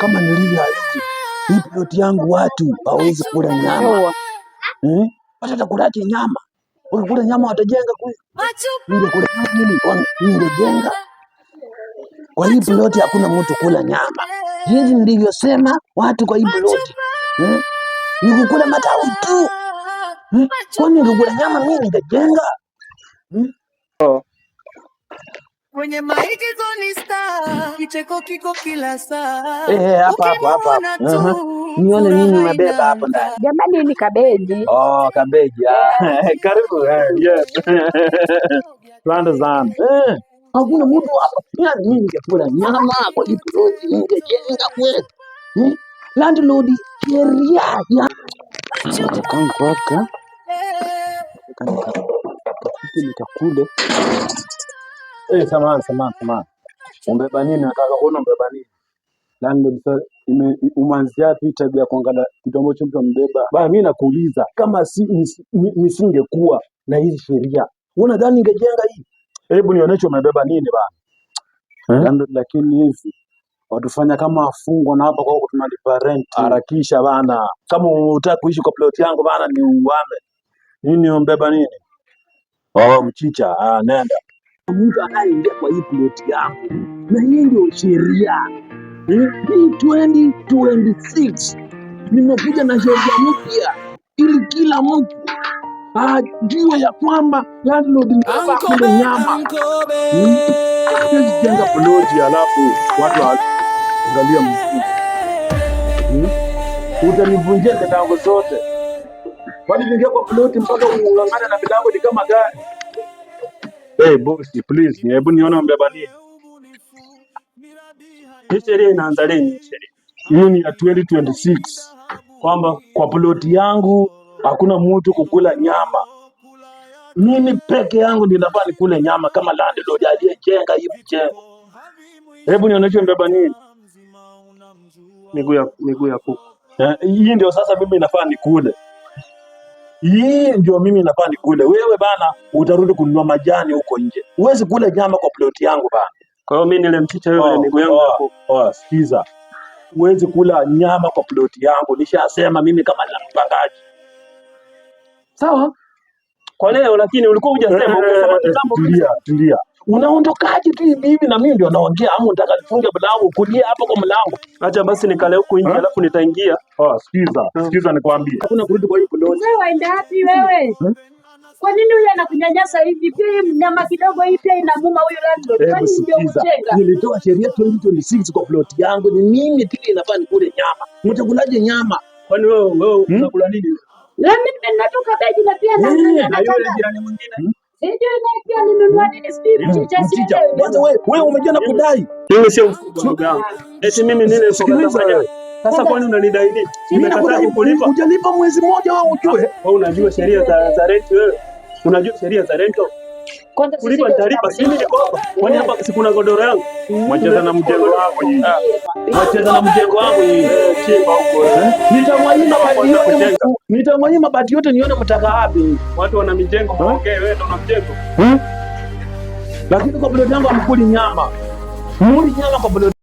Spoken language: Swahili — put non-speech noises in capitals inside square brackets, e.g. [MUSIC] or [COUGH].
kama nilivyo halisi. Hii plot yangu watu hawawezi kula nyama hmm? Watu watakulaje nyama? Wakikula nyama watajenga kule, ningekula nini? Ningejenga kwa hii ploti, hakuna mtu kula nyama hivi nilivyosema. Watu kwa hii ploti hmm? nikukula matawi tu hmm? kwani nikikula nyama mimi ningejenga hmm? oh. Kwenye maigizo ni kicheko kiko kila saa. Eh, mhm. Nione nini furaha hapo ndani? Jamani, ni kabeji. Oh, kabeji. Ah. [LAUGHS] Karibu. eh, [LAUGHS] sana. Eh. Hakuna mtu hapa. Mimi ningekula nyama kwa kipuruzi ningejenga kwetu. Eh, Landlord sheria ya kangu haka Eh, kangu haka. Kitu Eh, samahani samahani samahani. Umbeba nini? Nataka kuona umbeba nini? Landlord yaani sasa ime- umanzia wapi hii tabia ya kuangalia kitu ambacho mtu amebeba? Bana, mimi nakuuliza kama si, nis- ni- nisingekuwa na hizi sheria, Una dhani ningejenga hii? Hebu nionyeshe umebeba nini bana. Eh? Landlord, yaani lakini hivi watufanya kama wafungwa na hapa kwako tunalipa renti. Harakisha bana, kama unataka kuishi kwa plot yangu bana, ni uame nini? Umbeba nini? Oh, mchicha. Ah, nenda mtu anayeingia kwa hii ploti yako, na hii ndio sheria hmm? hii 2026 nimekuja na sheria mpya ili kila mtu ajue ya kwamba landlord ni nyama hmm? jenga ploti, alafu watu angalia hmm? utanivunjia milango zote, kwani ningia kwa ploti mpaka uungangana na milango ni kama gari. Hey bosi, please, hebu nione wamebeba nini? Hii sheria inaanza lini? hii hii ni ya 2026 kwamba kwa ploti yangu hakuna mtu kukula nyama. Mimi peke yangu ninafaa nikule nyama kama landlord aliyejenga hii mjengo. Hebu nionyeshe mbeba nini miguu ya miguu ya kuku eh, hii ndio sasa mimi inafaa nikule. Hii ndio mimi nafaa nikule. Wewe bana, utarudi kununua majani huko nje. Huwezi kula nyama kwa ploti yangu bana. Kwa hiyo mimi nilimchicha yule oh, yangu oh, hapo. Oh, sikiza. Huwezi kula nyama kwa ploti yangu. Nishasema mimi kama na mpangaji. Sawa? Kwa leo lakini ulikuwa hujasema eh, eh, eh, Tulia, tulia unaondokaje tu mimi na mimi ndio naongea, ama unataka nifunge mlango kulia hapa kwa mlango? Acha basi nikale huku nje, alafu nitaingia. Oh, sikiza sikiza, nikwambie hakuna kurudi kwa hiyo kondoni. Wewe waenda wapi wewe? Hmm? Kwa nini huyu anakunyanyasa hivi? Pia mnyama kidogo hii pia inamuma huyu landlord. Kwani ndio mchenga? Nilitoa sheria 2026 kwa plot yangu, ni mimi tu inafaa nikule nyama. Mtakulaje nyama? Kwani wewe wewe hmm? unakula nini? Na mimi nimetoka beji na pia na eh, na yule jirani mwingine. Hmm? Sijui naye mchicha. Kwanza wewe umejua na kudai. Mimi sio mfuko wangu. Eti mimi nile sikiliza wewe. Sasa kwani unanidai nini? Nimekataa kukulipa. Hujalipa mwezi mmoja wewe ujue. Ah, wewe unajua sheria za za rent wewe. Unajua sheria za rent. Kwanza kulipa nitalipa, si mimi niko Kwani hapa si godoro yangu? Wacheza na mjengo wako yeye. Wacheza na mjengo wako yeye. Chimba huko eh? Nitamwanyima bati yote. Nitamwanyima bati yote nione mtaka wapi. Watu wana mijengo, eh? ongea wewe ndo una mjengo. Eh? lakini kwa bododi yangu amkuli nyama muli nyama kwa bododi